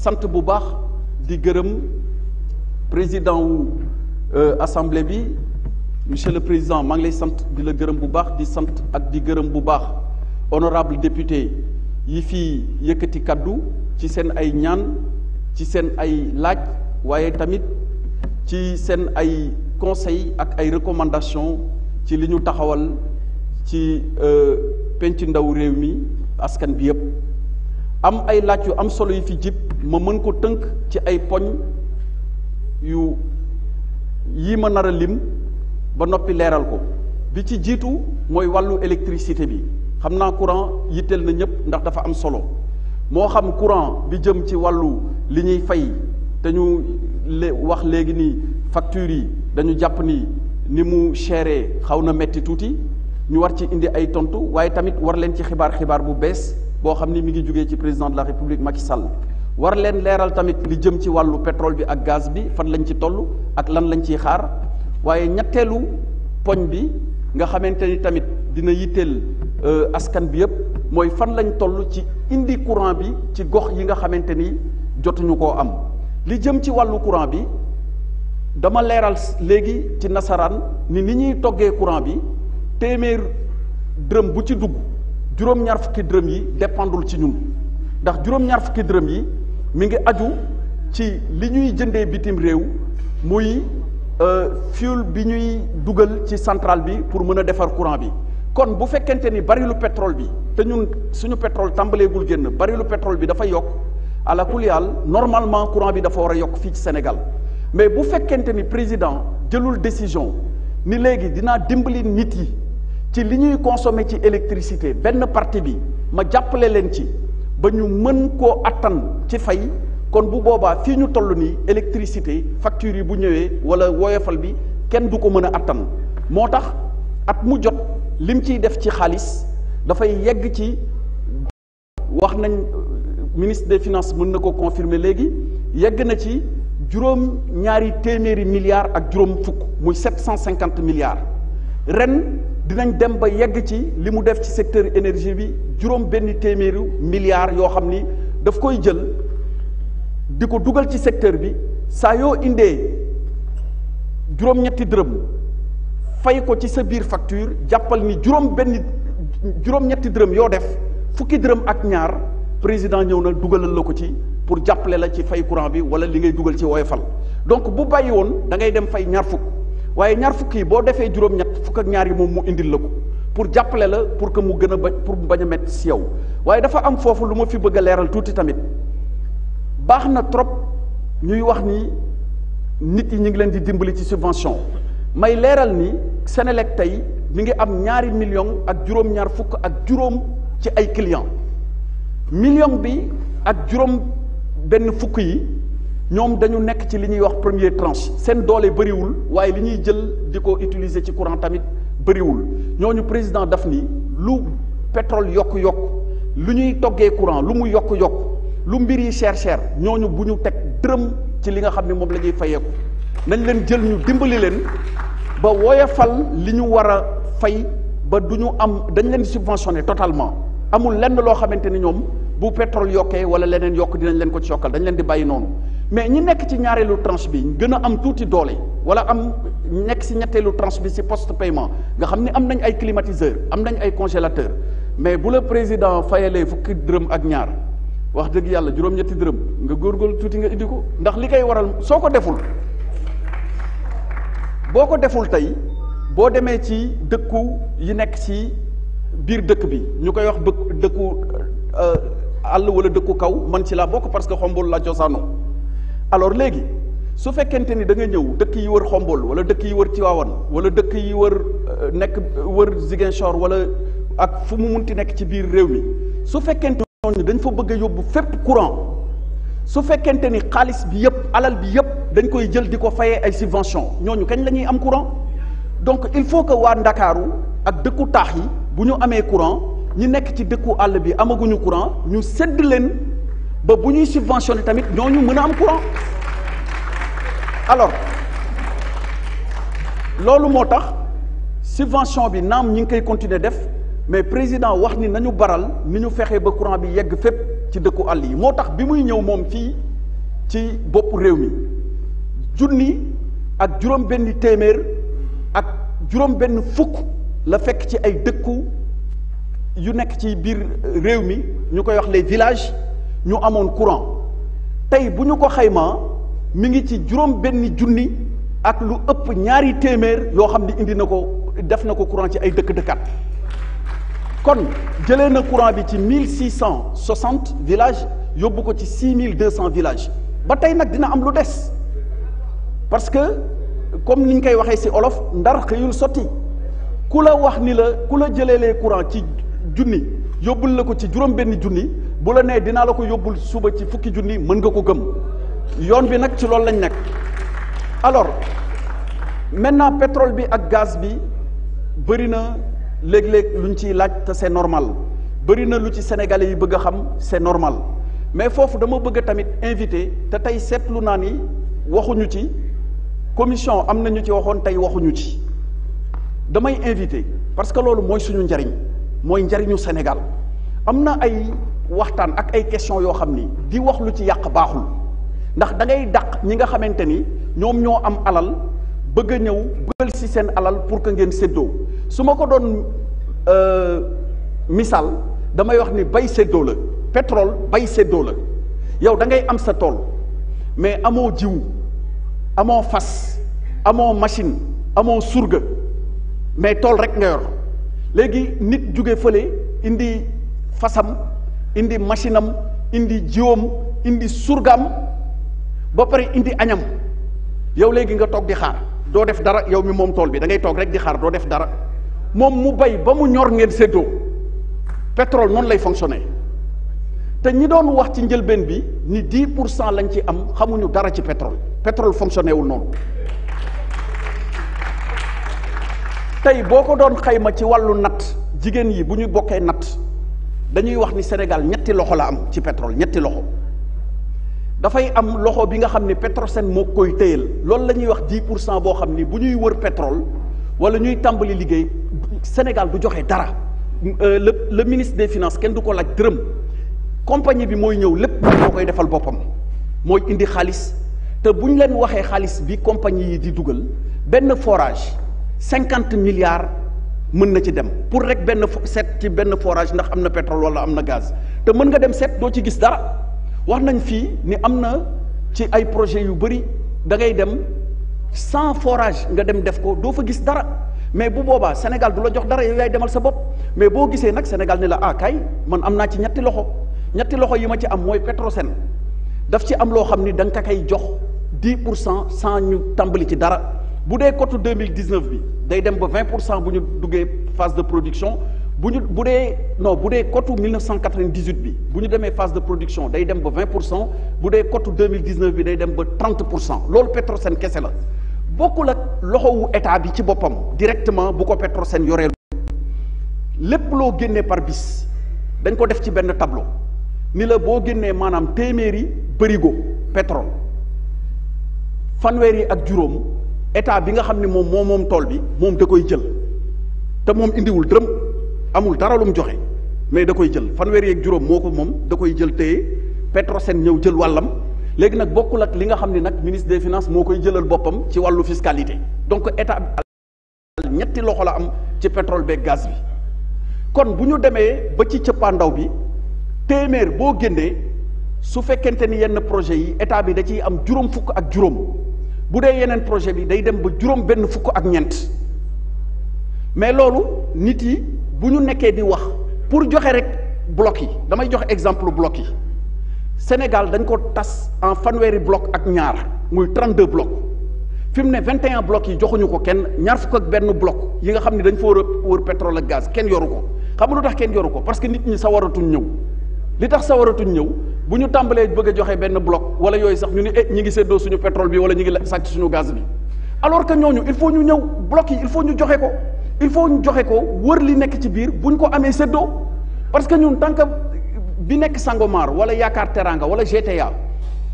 sant bu baax di gërëm président wu euh, assemblée bi monsieur le président maa ngi lay sant di la gërëm bu baax di sant ak di gërëm bu baax honorable député yi fi yëkkati kaddu ci seen ay ñaan ci seen ay laaj waaye tamit ci seen ay conseil ak ay recommandation ci li ñu taxawal ci euh, penc ndaw réew mi askan bi yépp am ay laaj yu am solo yu fi jib ma mën ko tënk ci ay poñ yu yi ma nara lim ba noppi leeral ko bi ci jiitu mooy wàllu électricité bi xam naa courant yitteel na ñëpp ndax dafa am solo moo xam courant bi jëm ci wàllu li ñuy fay te ñu le wax léegi ni factures yi dañu jàpp ni ni mu chéré xaw na metti tuuti ñu war ci indi ay tontu waaye tamit war leen ci xibaar xibaar bu bees boo xam ni mu ngi jógee ci président de la république Macky Sall war leen leeral tamit li jëm ci wàllu pétrole bi ak gaz bi fan lañ ci tollu ak lan lañ ciy xaar waaye ñetteelu poñ bi nga xamante ni tamit dina yitteel euh, askan bi yépp mooy fan lañ toll ci indi courant bi ci gox yi nga xamante ni jotuñu koo am li jëm ci wàllu courant bi dama leeral léegi ci nasaraan ni ni ñuy toggee courant bi téeméer dërëm bu ci dugg juróom-ñaar fukki dërëm yi dépendul ci ñun ndax juróom-ñaar fukki dërëm yi mi ngi aju ci li ñuy jëndee bitim réew muy euh, fuel bi ñuy dugal ci central bi pour mën a defar courant bi kon bu fekkente ni barilu pétrole bi te ñun suñu pétrole tàmbaleegul génn barilu pétrole bi dafa yokk ala kulli normalement courant bi dafa war a yokk fii ci Sénégal mais bu fekkente ni président jëlul décision ni léegi dinaa dimbali nit yi ci li ñuy consommer ci électricité benn partie bi ma jàppale leen ci ba ñu mën koo attan ci fay kon bu boobaa fi ñu toll nii électricité facture yi bu ñëwee wala woyofal bi kenn du ko mën a attan moo tax at mu jot lim ciy def ci xaalis dafay yegg ci wax nañ ministre de finances mën na ko confirmer léegi yegg na ci juróom ñaari téeméeri milliards ak juróom fukk muy sept cent cinquante milliards ren dinañ dem ba yegg ci li mu def ci secteur énergie bi juróom benn téeméeru milliards yoo xam ni daf koy jël di ko dugal ci secteur bi saa yoo indee juróom-ñetti dërëm fay ko ci sa biir facture jàppal ni juróom benn juróom-ñetti dërëm yoo def fukki dërëm ak ñaar président ñëw na dugalal la ko ci pour jàppale la ci fay courant bi wala li ngay dugal ci Woyofal donc bu bàyyi woon da ngay dem fay ñaar fukk waaye ñaar fukk yi boo defee juróom-ñett fukk ak ñaar yi moom mu indi la ko pour jàppale la pour que mu gën a ba pour mu bañ a métti si yow waaye dafa am foofu lu ma fi bëgg a leeral tuuti tamit baax na trop ñuy wax ni nit yi ñu ngi leen di dimbali ci subvention may leeral ni senelek tey mi ngi am ñaari million ak juróom-ñaar fukk ak juróom ci ay clients million bi ak juróom benn fukk yi. ñoom dañu nekk ci li ñuy wax premier tranche seen doole bëriwul waaye li ñuy jël di ko utiliser ci courant tamit bëriwul ñu président daf ni lu pétrole yokk-yokk lu ñuy toggee courant lu mu yokk-yokk lu mbir yi cher cher ñooñu bu ñu teg dërëm ci li nga xam ne moom lañuy ñuy fayeeku leen jël ñu dimbali leen ba woyefal li ñu war a fay ba du ñu am dañ leen subventionné totalement amul lenn loo xamante ni ñoom bu pétrole yokkee wala leneen yokk dinañ ko ci yokkal dañ leen di bàyyi noonu mais ñi nekk ci ñaareelu tranche bi gën a am tuuti doole wala am nekk si ñetteelu tranche bi si poste paiement nga xam ni am nañ ay climatiseur am nañ ay congélateur mais bu la président fayalee fukk dërëm ak ñaar wax dëgg yàlla juróom-ñetti dërëm nga góor góor tuuti nga indi ko ndax li koy waral soo ko deful boo ko deful tey boo demee ci dëkku yi nekk ci biir dëkk bi ñu koy wax dëkku dëkku euh, àll wala dëkku kaw man ci laa bokk parce que xombul la cosaano alors léegi su fekkente ni da ñëw dëkk yi wër Xombol wala dëkk yi wër Tivaouane wala dëkk yi wër euh, nekk wër Ziguinchor wala ak fu mu mun munti nekk ci biir réew mi su fekkente ñooñu dañ fa bëgg a yóbbu fépp courant su fekkente ni xaalis bi yëpp alal bi yëpp dañ koy jël di ko fayee ay subvention ñooñu kañ la ñuy am courant donc il faut que waa Ndakaaru ak dëkku taax yi bu ñu amee courant ñi nekk ci dëkku àll bi amaguñu courant ñu sedd leen ba bu ñuy subvention subventionné tamit ñooñu mën a am courant alors loolu moo tax subvention bi naam ñi ngi koy continuer def mais président wax ni nañu baral ni ñu fexee ba courant bi yegg fépp ci dëkku àll yi moo tax bi muy ñëw moom fii ci boppu réew mi junni ak juróom benn téeméer ak juróom benn fukk la fekk ci ay dëkku yu nekk ci biir réew mi ñu koy wax les villages ñu amoon courant tey bu ñu ko xaymaa mu ngi ci juróom benn junni ak lu ëpp ñaari téeméer yoo xam ne indi na ko def na ko courant ci ay dëkk-dëkkat kon jëlee na courant bi ci mille six cent soixante village yóbbu ko ci six mille deux cent village ba tey nag dina am lu des parce que comme ni ñu koy waxee si olof ndar xëyul sotti ku la wax ni la ku la jëlee lee courant ci junni yóbbul la ko ci juróom benn junni bu la nee dinaa la ko yóbbul suba ci fukki junni mën nga ko gëm yoon bi nag ci loolu lañ nekk alors maintenant pétrole bi ak gaz bi bëri na léeg lu luñ ciy laaj te c'est normal bëri na lu ci sénégalais yi bëgg a xam c'est normal mais foofu dama bëgg tamit invité te tey seetlu naa ni waxuñu ci commission am na ñu ci waxoon tey waxuñu ci damay invité parce que loolu mooy suñu njariñ mooy njariñu Sénégal am na ay waxtaan ak ay question yoo xam ni di wax lu ci yàq baaxul ndax da ngay dàq ñi nga xamante ni ñoom ñoo am alal bëgg a ñëw bëggal si seen alal pour que ngeen séddoo su ma ko doon euh, misaal damay wax ni bay séddoo la pétrole bay séddoo la yow da ngay am sa tool mais amoo jiw amoo fas amoo machine amoo surga mais tool rek nga yor léegi nit jóge fële indi fasam indi machine am indi jiwam indi surgaam ba pare indi añam yow léegi nga toog di xaar doo def dara yow mi moom tool bi da ngay toog rek di xaar doo def dara moom mu bay ba mu ñor ngeen séddoo pétrole noonu lay fonctionner te ñi doon wax ci njëlbeen bi ni 10 pour cent lañ ci am xamuñu dara ci pétrole pétrole fonctionner wul noonu tey boo ko doon xayma ci wàllu natt jigéen yi bu ñu bokkee natt. dañuy wax ni Sénégal ñetti loxo la am ci pétrole ñetti loxo dafay am loxo bi nga xam ne Petrosen moo koy téyal loolu la ñuy wax 10 pour cent boo xam ni bu ñuy wër pétrole wala ñuy tàmbali liggéey Sénégal du joxe dara euh, le le ministre de finance kenn du ko laaj dërëm compagnie bi mooy ñëw lépp moo koy defal boppam mooy indi xaalis te bu ñu leen waxee xaalis bi compagnie yi di dugal benn forage cinquante milliards. mën na ci dem pour rek benn fo set ci benn forage ndax am na pétrole wala am na gaz te mën nga dem set doo ci gis dara wax nañ fii ni am na ci ay projet yu bëri da ngay dem sans forage nga dem def ko doo fa gis dara mais bu boobaa Sénégal du la jox dara yow yaay demal sa bopp mais boo gisee nag Sénégal ni la ah kay man am naa ci ñetti loxo ñetti loxo yi ma ci am mooy Petrosen daf ci am loo xam ni da nga ka kay jox 10 pour cent cent ñu tàmbali ci dara. bu dee cote deux mille dix neuf bi day dem ba vingt pour cent bu ñu duggee phase de production bu ñu bu dee non bu dee cote mille neuf cent quatre vingt dix bi bu ñu demee phase de production day dem ba vingt pour cent bu dee cote deux mille dix neuf bi day dem ba trente pour cent loolu Petrosen kese la bokkul ak loxowu état bi ci boppam directement bu ko Petrosen yoreel lépp loo génnee par bis dañ ko def ci benn tablo ni la boo génnee maanaam téeméeri bërigo pétrole fanweer yi ak juróom état bi nga xam ne moom moo moom tool bi moom da koy jël te moom indiwul dërëm amul dara lu mu joxe mais da koy jël fanweeri yeeg juróom moo ko moom da koy jël téye Petrosen ñëw jël wàllam léegi nag bokkul ak li nga xam ne nag ministre des finances moo koy jëlal boppam ci wàllu fiscalité donc état bi ñetti loxo la am ci pétrole beeg gaz bi kon bu ñu demee ba ci cëppaandaw bi téeméer boo génnee su fekkente ni yenn projet yi état bi da ciy am juróom fukk ak juróom bu dee yeneen projet bi day dem ba juróom benn fukk ak ñeent mais loolu nit yi bu ñu nekkee di wax pour joxe rek bloc yi damay joxe exemple bloc yi Sénégal dañ ko tas en fanweeri bloc ak ñaar muy 32 bloc fi mu ne 21 bloc yi joxuñu ko kenn ñaar fukk ak benn bloc yi nga xam ne dañ fa war wër pétrole ak gaz kenn yoru ko xam nga lu tax kenn yoru ko parce que nit ñi sa waratuñ ñëw li tax sawaratuñ ñëw bu ñu tàmbalee bëgg a joxe benn bloc wala yooyu sax ñu ne e eh, ñi ngi séddoo suñu pétrole bi wala ñu ngi sag suñu gaz bi alors que ñooñu il faut ñu ñëw bloc yi il faut ñu joxe ko il faut ñu joxe ko wër li nekk ci biir buñ ko amee séddoo parce que ñun tant que bi nekk Sangomar wala Yaakaar Teranga wala GTA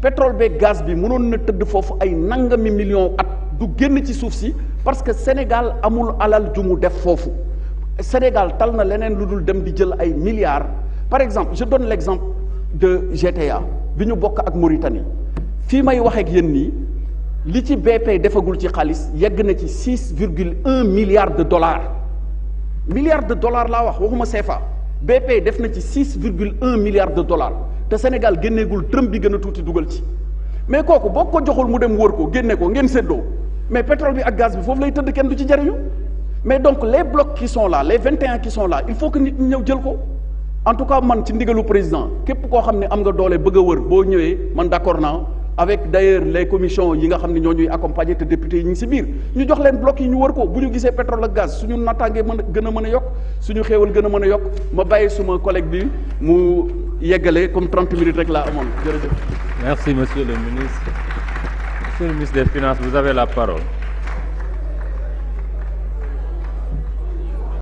pétrole bee gaz bi mënoon na tëdd foofu ay nangami million at du génn ci suuf si parce que Sénégal amul alal ju mu def foofu Sénégal tal na leneen lu dul dem di jël ay milliards. par exemple je donne l'exemple de GTA bi ñu bokk ak Mauritanie fii may waxeek ak yéen nii li ci BP defagul ci xaalis yegg na ci six virgule un milliard de dollars milliard de dollars laa wax waxuma CFA BP def na ci six virgule un milliard de dollars te Sénégal génneegul trëm bi gën a tuuti dugal ci mais kooku boo ko joxul mu dem wër ko génne ko ngeen séddoo mais pétrole bi ak gaz bi foofu lay tëdd kenn du ci jariñu mais donc les blocs qui sont là les vingt et un qui sont là il faut que nit ñëw jël ko en tout cas man ci ndigalu président képp ko xam ne am nga doole bëgg a wër boo ñëwee man d'accord naa avec d'ailleurs les commissions yi nga xam ne ñoo ñuy accompagner te député yi ñu ngi ci jox leen bloc yi ñu wër ko bu ñu gisee pétrole ak gaz suñu nattaangee mën gën a mën a yokk suñu xéewal gën a mën a yokk ma bàyyi suma collègue bi mu yeggale comme 30 minutes rek laa amoon jërëjëf. merci monsieur le ministre monsieur le ministre des vous avez la parole.